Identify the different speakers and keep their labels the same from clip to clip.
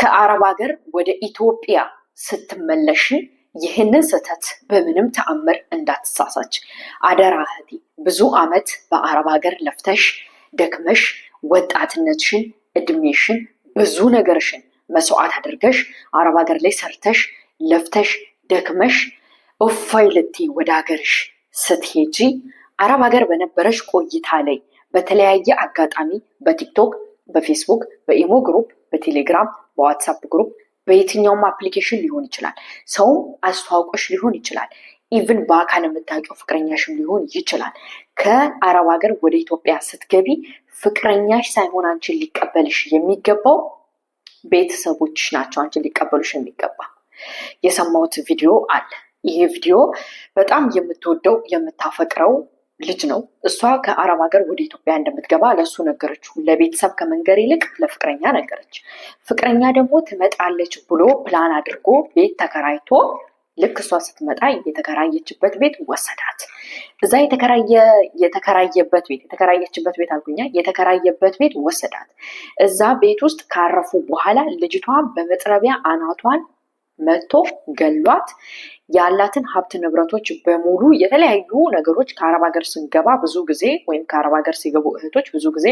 Speaker 1: ከአረብ ሀገር ወደ ኢትዮጵያ ስትመለሽ ይህንን ስህተት በምንም ተአምር እንዳትሳሳች አደራ እህቴ። ብዙ አመት በአረብ ሀገር ለፍተሽ ደክመሽ ወጣትነትሽን፣ እድሜሽን፣ ብዙ ነገርሽን መስዋዕት አድርገሽ አረብ ሀገር ላይ ሰርተሽ ለፍተሽ ደክመሽ እፎይ ልትይ ወደ ሀገርሽ ስትሄጂ አረብ ሀገር በነበረሽ ቆይታ ላይ በተለያየ አጋጣሚ በቲክቶክ፣ በፌስቡክ፣ በኢሞ ግሩፕ፣ በቴሌግራም፣ በዋትሳፕ ግሩፕ በየትኛውም አፕሊኬሽን ሊሆን ይችላል። ሰውም አስተዋውቆሽ ሊሆን ይችላል። ኢቭን በአካል የምታውቂው ፍቅረኛሽም ሊሆን ይችላል። ከአረብ ሀገር ወደ ኢትዮጵያ ስትገቢ ፍቅረኛሽ ሳይሆን አንቺን ሊቀበልሽ የሚገባው ቤተሰቦችሽ ናቸው። አንቺን ሊቀበሉሽ የሚገባ የሰማሁት ቪዲዮ አለ። ይሄ ቪዲዮ በጣም የምትወደው የምታፈቅረው ልጅ ነው። እሷ ከአረብ ሀገር ወደ ኢትዮጵያ እንደምትገባ ለእሱ ነገረችው። ለቤተሰብ ከመንገር ይልቅ ለፍቅረኛ ነገረች። ፍቅረኛ ደግሞ ትመጣለች ብሎ ፕላን አድርጎ ቤት ተከራይቶ ልክ እሷ ስትመጣ የተከራየችበት ቤት ወሰዳት። እዛ የተከራየበት ቤት የተከራየችበት ቤት አልኩኛ የተከራየበት ቤት ወሰዳት። እዛ ቤት ውስጥ ካረፉ በኋላ ልጅቷ በመጥረቢያ አናቷን መጥቶ ገሏት ያላትን ሀብት ንብረቶች በሙሉ የተለያዩ ነገሮች ከአረብ ሀገር ስንገባ ብዙ ጊዜ ወይም ከአረብ ሀገር ሲገቡ እህቶች ብዙ ጊዜ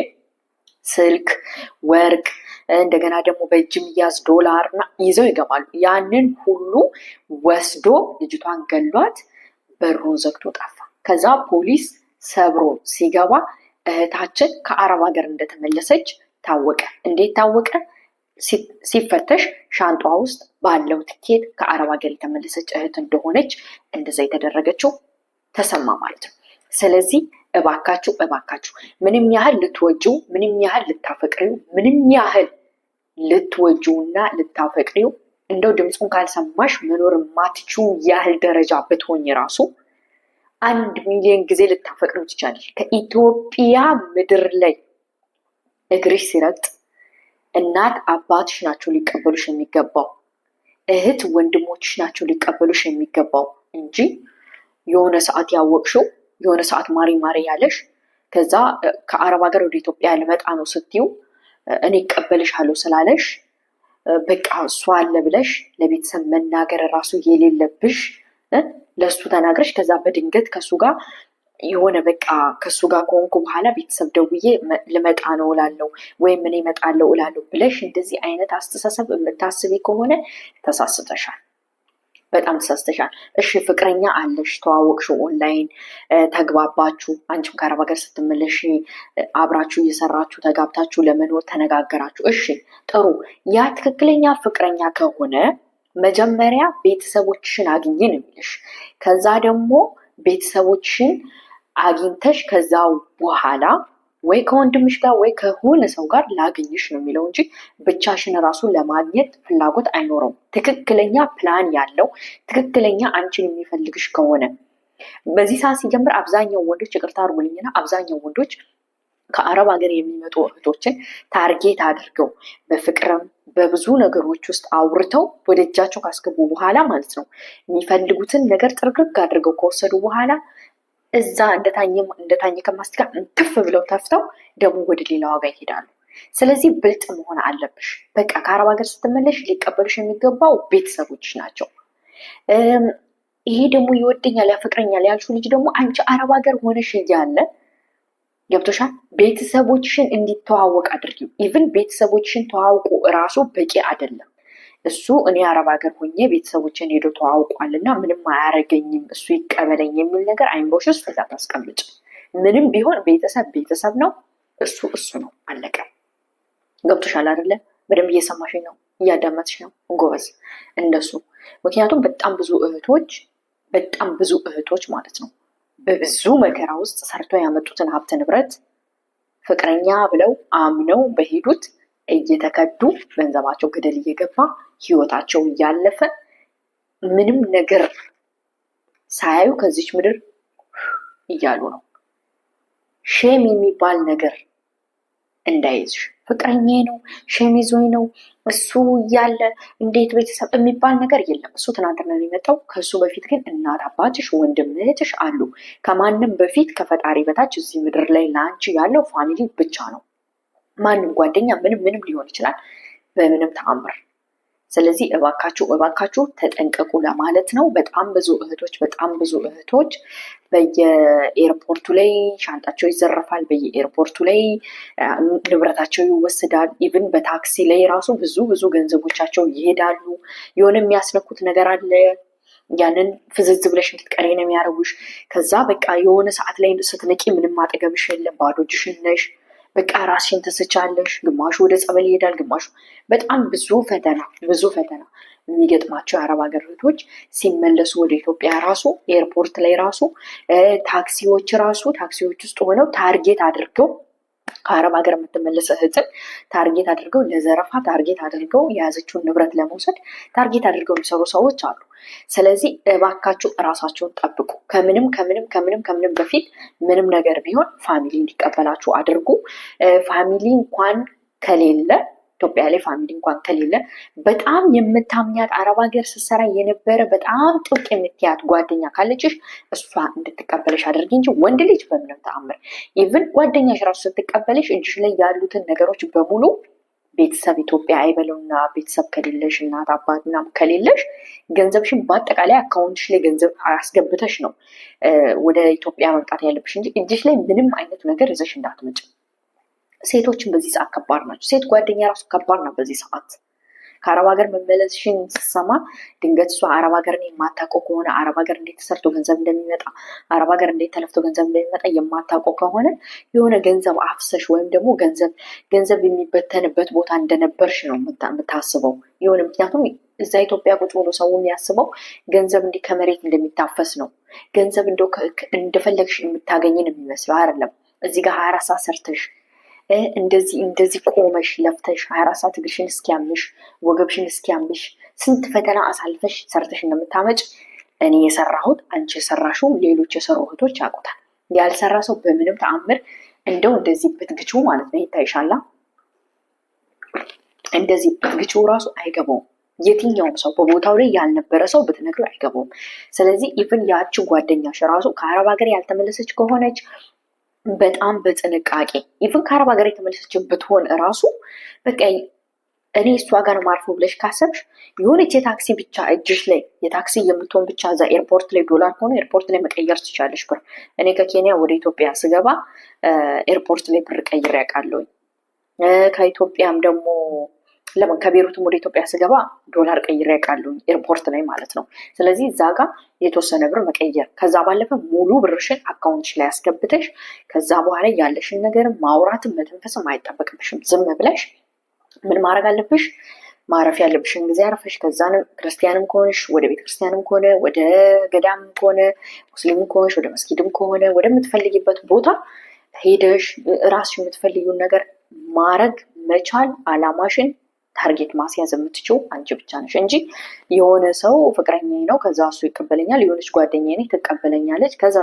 Speaker 1: ስልክ፣ ወርቅ እንደገና ደግሞ በእጅ የሚያዝ ዶላር ይዘው ይገባሉ። ያንን ሁሉ ወስዶ ልጅቷን ገሏት፣ በሩን ዘግቶ ጠፋ። ከዛ ፖሊስ ሰብሮ ሲገባ እህታችን ከአረብ ሀገር እንደተመለሰች ታወቀ። እንዴት ታወቀ? ሲፈተሽ ሻንጧ ውስጥ ባለው ትኬት ከአረብ ሀገር የተመለሰች እህት እንደሆነች እንደዛ የተደረገችው ተሰማ ማለት ነው። ስለዚህ እባካችሁ እባካችሁ ምንም ያህል ልትወጂው፣ ምንም ያህል ልታፈቅሪው፣ ምንም ያህል እና ልታፈቅሪው እንደው ድምፁን ካልሰማሽ መኖር ማትችው ያህል ደረጃ ብትሆኝ ራሱ አንድ ሚሊዮን ጊዜ ልታፈቅሪው ትችላለሽ። ከኢትዮጵያ ምድር ላይ እግርሽ ሲረግጥ እናት አባትሽ ናቸው ሊቀበሉሽ የሚገባው፣ እህት ወንድሞችሽ ናቸው ሊቀበሉሽ የሚገባው እንጂ የሆነ ሰዓት ያወቅሽው የሆነ ሰዓት ማሪ ማሪ ያለሽ ከዛ ከአረብ ሀገር ወደ ኢትዮጵያ ልመጣ ነው ስትዩ እኔ እቀበልሻለሁ ስላለሽ በቃ እሷ አለ ብለሽ ለቤተሰብ መናገር ራሱ የሌለብሽ ለእሱ ተናግረሽ ከዛ በድንገት ከእሱ ጋር የሆነ በቃ ከሱ ጋር ከሆንኩ በኋላ ቤተሰብ ደውዬ ልመጣ ነው እላለሁ ወይም እኔ እመጣለሁ እላለሁ ብለሽ እንደዚህ አይነት አስተሳሰብ የምታስቢ ከሆነ ተሳስተሻል። በጣም ተሳስተሻል። እሺ ፍቅረኛ አለሽ፣ ተዋወቅሽ ኦንላይን ተግባባችሁ፣ አንቺም ከአረብ ሀገር ስትመለሽ አብራችሁ እየሰራችሁ ተጋብታችሁ ለመኖር ተነጋገራችሁ። እሺ ጥሩ። ያ ትክክለኛ ፍቅረኛ ከሆነ መጀመሪያ ቤተሰቦችሽን አግኝ ነው የሚልሽ። ከዛ ደግሞ ቤተሰቦችሽን አግኝተሽ ከዛው በኋላ ወይ ከወንድምሽ ጋር ወይ ከሆነ ሰው ጋር ላገኝሽ ነው የሚለው እንጂ ብቻሽን ራሱ ለማግኘት ፍላጎት አይኖረውም። ትክክለኛ ፕላን ያለው ትክክለኛ አንቺን የሚፈልግሽ ከሆነ በዚህ ሰዓት ሲጀምር አብዛኛው ወንዶች ይቅርታ አድርጉልኝና አብዛኛው ወንዶች ከአረብ ሀገር የሚመጡ እህቶችን ታርጌት አድርገው በፍቅርም በብዙ ነገሮች ውስጥ አውርተው ወደ እጃቸው ካስገቡ በኋላ ማለት ነው የሚፈልጉትን ነገር ጥርግርግ አድርገው ከወሰዱ በኋላ እዛ እንደታኝ ከማስቲካ ትፍ ብለው ተፍተው ደግሞ ወደ ሌላ ዋጋ ይሄዳሉ። ስለዚህ ብልጥ መሆን አለብሽ። በቃ ከአረብ ሀገር ስትመለሽ ሊቀበሉሽ የሚገባው ቤተሰቦች ናቸው። ይሄ ደግሞ ይወደኛል፣ ያፈቅረኛል ያልሽው ልጅ ደግሞ አንቺ አረብ ሀገር ሆነሽ እያለ ገብቶሻል። ቤተሰቦችሽን እንዲተዋወቅ አድርጊው። ኢቭን ቤተሰቦችሽን ተዋውቁ እራሱ በቂ አይደለም። እሱ እኔ አረብ ሀገር ሆኜ ቤተሰቦችን ሄዶ ተዋውቋል እና ምንም አያረገኝም እሱ ይቀበለኝ የሚል ነገር አይምሮሽ ውስጥ እዛ ታስቀምጭ። ምንም ቢሆን ቤተሰብ ቤተሰብ ነው። እሱ እሱ ነው። አለቀ። ገብቶሻል አይደለ? በደንብ እየሰማሽ ነው፣ እያዳመጥሽ ነው። ጎበዝ። እንደሱ ምክንያቱም በጣም ብዙ እህቶች በጣም ብዙ እህቶች ማለት ነው በብዙ መከራ ውስጥ ሰርቶ ያመጡትን ሀብት ንብረት ፍቅረኛ ብለው አምነው በሄዱት እየተከዱ ገንዘባቸው ገደል እየገባ ህይወታቸው እያለፈ ምንም ነገር ሳያዩ ከዚች ምድር እያሉ ነው። ሼም የሚባል ነገር እንዳይዝሽ ፍቅረኛ ነው ሼም ይዞኝ ነው እሱ እያለ እንዴት ቤተሰብ የሚባል ነገር የለም። እሱ ትናንትና የመጣው ከእሱ በፊት ግን እናት አባትሽ፣ ወንድም እህትሽ አሉ። ከማንም በፊት ከፈጣሪ በታች እዚህ ምድር ላይ ለአንቺ ያለው ፋሚሊ ብቻ ነው። ማንም ጓደኛ ምንም ምንም ሊሆን ይችላል በምንም ተአምር። ስለዚህ እባካችሁ እባካችሁ ተጠንቀቁ ለማለት ነው። በጣም ብዙ እህቶች በጣም ብዙ እህቶች በየኤርፖርቱ ላይ ሻንጣቸው ይዘረፋል፣ በየኤርፖርቱ ላይ ንብረታቸው ይወስዳል ኢቭን በታክሲ ላይ ራሱ ብዙ ብዙ ገንዘቦቻቸው ይሄዳሉ። የሆነ የሚያስነኩት ነገር አለ ያንን ፍዝዝ ብለሽ እንድትቀሪ ነው የሚያደርጉሽ። ከዛ በቃ የሆነ ሰዓት ላይ ስትነቂ ምንም አጠገብሽ የለም፣ ባዶ ነሽ። በቃ ራስሽን ትስቻለሽ። ግማሹ ወደ ጸበል ይሄዳል፣ ግማሹ በጣም ብዙ ፈተና ብዙ ፈተና የሚገጥማቸው የአረብ ሀገር እህቶች ሲመለሱ ወደ ኢትዮጵያ ራሱ ኤርፖርት ላይ ራሱ ታክሲዎች ራሱ ታክሲዎች ውስጥ ሆነው ታርጌት አድርገው ከአረብ ሀገር የምትመለስ እህትን ታርጌት አድርገው ለዘረፋ ታርጌት አድርገው የያዘችውን ንብረት ለመውሰድ ታርጌት አድርገው የሚሰሩ ሰዎች አሉ። ስለዚህ እባካችሁ እራሳቸውን ጠብቁ። ከምንም ከምንም ከምንም ከምንም በፊት ምንም ነገር ቢሆን ፋሚሊ እንዲቀበላችሁ አድርጉ። ፋሚሊ እንኳን ከሌለ ኢትዮጵያ ላይ ፋሚሊ እንኳን ከሌለ በጣም የምታምኛት አረብ ሀገር ስትሰራ የነበረ በጣም ጥብቅ የምትያት ጓደኛ ካለችሽ እሷ እንድትቀበለሽ አድርጊ እንጂ ወንድ ልጅ በምንም ተአምር ኢቭን ጓደኛሽ ራሱ ስትቀበለሽ እጅሽ ላይ ያሉትን ነገሮች በሙሉ ቤተሰብ ኢትዮጵያ አይበለውና ቤተሰብ ከሌለሽ እናት አባት ምናምን ከሌለሽ ገንዘብሽን በአጠቃላይ አካውንትሽ ላይ ገንዘብ አስገብተሽ ነው ወደ ኢትዮጵያ መምጣት ያለብሽ እንጂ እጅሽ ላይ ምንም አይነት ነገር ይዘሽ እንዳትመጭ። ሴቶችን በዚህ ሰዓት ከባድ ናቸው። ሴት ጓደኛ ራሱ ከባድ ነው በዚህ ሰዓት ከአረብ ሀገር መመለስሽን ስሰማ ድንገት እሷ አረብ ሀገርን የማታውቀው ከሆነ አረብ ሀገር እንዴት ተሰርቶ ገንዘብ እንደሚመጣ አረብ ሀገር እንዴት ተለፍቶ ገንዘብ እንደሚመጣ የማታውቀው ከሆነ የሆነ ገንዘብ አፍሰሽ ወይም ደግሞ ገንዘብ ገንዘብ የሚበተንበት ቦታ እንደነበርሽ ነው የምታስበው። የሆነ ምክንያቱም እዛ ኢትዮጵያ ቁጭ ብሎ ሰው የሚያስበው ገንዘብ እንዲህ ከመሬት እንደሚታፈስ ነው። ገንዘብ እንደፈለግሽ የምታገኝን የሚመስለው አይደለም። እዚህ ጋር ሀያ አራት ሰዓት ሰርተሽ እንደዚህ እንደዚህ ቆመሽ ለፍተሽ ሀያ አራት ሰዓት እግርሽን እስኪያምሽ ወገብሽን እስኪያምሽ ስንት ፈተና አሳልፈሽ ሰርተሽ እንደምታመጭ እኔ የሰራሁት አንቺ የሰራሽው ሌሎች የሰሩ እህቶች ያውቁታል። ያልሰራ ሰው በምንም ተአምር እንደው እንደዚህ ብትግቹ ማለት ነው ይታይሻላ። እንደዚህ ብትግቹ ራሱ አይገባውም። የትኛውም ሰው በቦታው ላይ ያልነበረ ሰው ብትነግሩ አይገባውም። ስለዚህ ኢቭን ያቺ ጓደኛሽ ራሱ ከአረብ ሀገር ያልተመለሰች ከሆነች በጣም በጥንቃቄ ኢቭን ከአረብ ሀገር የተመለሰች ብትሆን እራሱ በቃ እኔ እሷ ጋር ማርፈው ብለሽ ካሰብሽ የሆነች የታክሲ ብቻ እጅሽ ላይ የታክሲ የምትሆን ብቻ እዛ ኤርፖርት ላይ ዶላር ሆኖ ኤርፖርት ላይ መቀየር ትቻለሽ ብር። እኔ ከኬንያ ወደ ኢትዮጵያ ስገባ ኤርፖርት ላይ ብር ቀይሬ አውቃለሁኝ። ከኢትዮጵያም ደግሞ ለምን ከቤሩትም ወደ ኢትዮጵያ ስገባ ዶላር ቀይሬ ያውቃለሁ፣ ኤርፖርት ላይ ማለት ነው። ስለዚህ እዛ ጋር የተወሰነ ብር መቀየር፣ ከዛ ባለፈ ሙሉ ብርሽን አካውንትሽ ላይ ያስገብተሽ፣ ከዛ በኋላ ያለሽን ነገር ማውራትም መተንፈስም አይጠበቅብሽም። ዝም ብለሽ ምን ማድረግ አለብሽ? ማረፍ ያለብሽን ጊዜ አርፈሽ፣ ከዛ ክርስቲያንም ከሆንሽ ወደ ቤተክርስቲያንም ከሆነ ወደ ገዳም ከሆነ ሙስሊም ከሆንሽ ወደ መስጊድም ከሆነ ወደምትፈልጊበት ቦታ ሄደሽ ራስሽ የምትፈልጊውን ነገር ማረግ መቻል አላማሽን ታርጌት ማስያዝ የምትችው አንቺ ብቻ ነሽ እንጂ የሆነ ሰው ፍቅረኛ ነው፣ ከዛ እሱ ይቀበለኛል፣ የሆነች ጓደኛ ትቀበለኛለች፣ ከዛ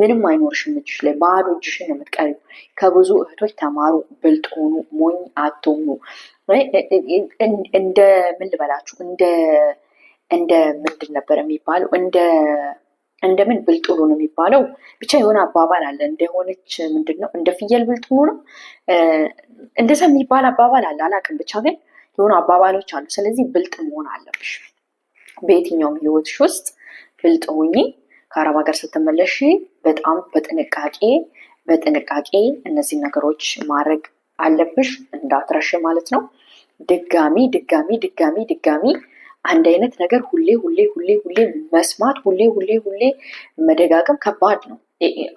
Speaker 1: ምንም አይኖርሽም እጅሽ ላይ ባዶ እጅሽን የምትቀሪው። ከብዙ እህቶች ተማሩ፣ ብልጥ ሆኑ፣ ሞኝ አትሆኑ። እንደ ምን ልበላችሁ እንደ እንደ ምንድን ነበር የሚባለው እንደ እንደምን ብልጥ ነው የሚባለው። ብቻ የሆነ አባባል አለ እንደሆነች ምንድን ነው እንደ ፍየል ብልጥ ነው እንደዛ የሚባል አባባል አለ፣ አላውቅም ብቻ ግን የሆኑ አባባሎች አሉ። ስለዚህ ብልጥ መሆን አለብሽ። በየትኛውም ህይወትሽ ውስጥ ብልጥ ሁኚ። ከአረብ ሀገር ስትመለሽ በጣም በጥንቃቄ በጥንቃቄ እነዚህ ነገሮች ማድረግ አለብሽ፣ እንዳትረሽ ማለት ነው። ድጋሚ ድጋሚ ድጋሚ ድጋሚ አንድ አይነት ነገር ሁሌ ሁሌ ሁሌ ሁሌ መስማት ሁሌ ሁሌ ሁሌ መደጋገም ከባድ ነው።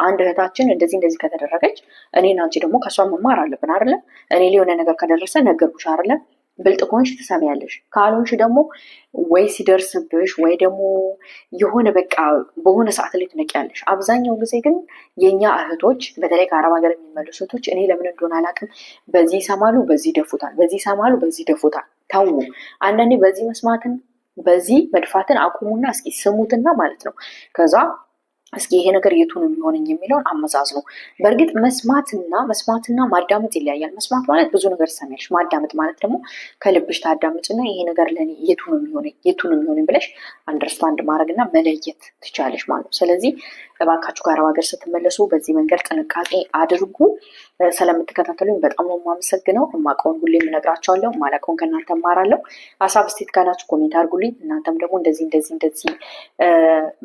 Speaker 1: አንድ እህታችን እንደዚህ እንደዚህ ከተደረገች እኔን አንቺ ደግሞ ከእሷ መማር አለብን አይደለም? እኔ ሊሆነ ነገር ከደረሰ ነገርኩሽ አይደለም? ብልጥ ከሆንሽ ትሰሚያለሽ፣ ካልሆንሽ ደግሞ ወይ ሲደርስብሽ ወይ ደግሞ የሆነ በቃ በሆነ ሰዓት ላይ ትነቂያለሽ። አብዛኛው ጊዜ ግን የእኛ እህቶች በተለይ ከአረብ ሀገር የሚመለሱ እህቶች እኔ ለምን እንደሆነ አላውቅም፣ በዚህ ይሰማሉ፣ በዚህ ይደፉታል፣ በዚህ ይሰማሉ፣ በዚህ ይደፉታል። ተው አንዳንዴ በዚህ መስማትን በዚህ መድፋትን አቁሙና እስኪ ስሙትና ማለት ነው ከዛ እስኪ ይሄ ነገር የቱ ነው የሚሆነኝ የሚለውን አመዛዝ ነው። በእርግጥ መስማትና መስማትና ማዳመጥ ይለያያል። መስማት ማለት ብዙ ነገር ሰሚያለሽ፣ ማዳመጥ ማለት ደግሞ ከልብሽ ታዳምጭና ይሄ ነገር ለእኔ የቱ ነው የሚሆነኝ የቱ ነው የሚሆነኝ ብለሽ አንደርስታንድ ማድረግና መለየት ትቻለሽ ማለት ነው። ስለዚህ እባካችሁ ከአረብ ሀገር ስትመለሱ በዚህ መንገድ ጥንቃቄ አድርጉ። ስለምትከታተሉኝ በጣም ነው የማመሰግነው። እማውቀውን ሁሌም እነግራቸዋለሁ፣ የማላውቀውን ከእናንተ እማራለሁ። ሀሳብ ስቴት ካላችሁ ኮሜንት አድርጉልኝ። እናንተም ደግሞ እንደዚህ እንደዚህ እንደዚህ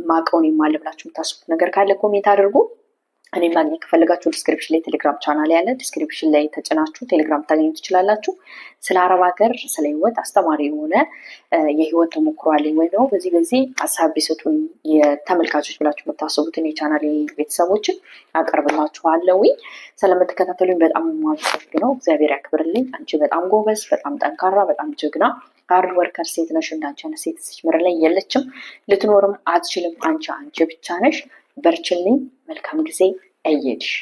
Speaker 1: የማውቀውን የማለብላችሁ ታስ የምትጨርሱት ነገር ካለ ኮሜንት አድርጉ። እኔ ማግኘት ከፈለጋችሁ ዲስክሪፕሽን ላይ ቴሌግራም ቻናል ያለ ዲስክሪፕሽን ላይ ተጭናችሁ ቴሌግራም ታገኙ ትችላላችሁ። ስለ አረብ ሀገር፣ ስለ ህይወት አስተማሪ የሆነ የህይወት ተሞክሮ አለኝ ወይ ደግሞ በዚህ በዚህ ሀሳብ ቢሰጡን የተመልካቾች ብላችሁ የምታስቡትን የቻናል ቤተሰቦችን አቀርብላችኋለሁ። ስለምትከታተሉኝ በጣም ነው። እግዚአብሔር ያክብርልኝ። አንቺ በጣም ጎበዝ፣ በጣም ጠንካራ፣ በጣም ጀግና ሃርድ ወርከር ሴት ነሽ። እንዳንቺ አይነት ሴት እዚች ምድር ላይ የለችም፣ ልትኖርም አትችልም። አንቺ አንቺ ብቻ ነሽ። በርችልኝ። መልካም ጊዜ እየድሽ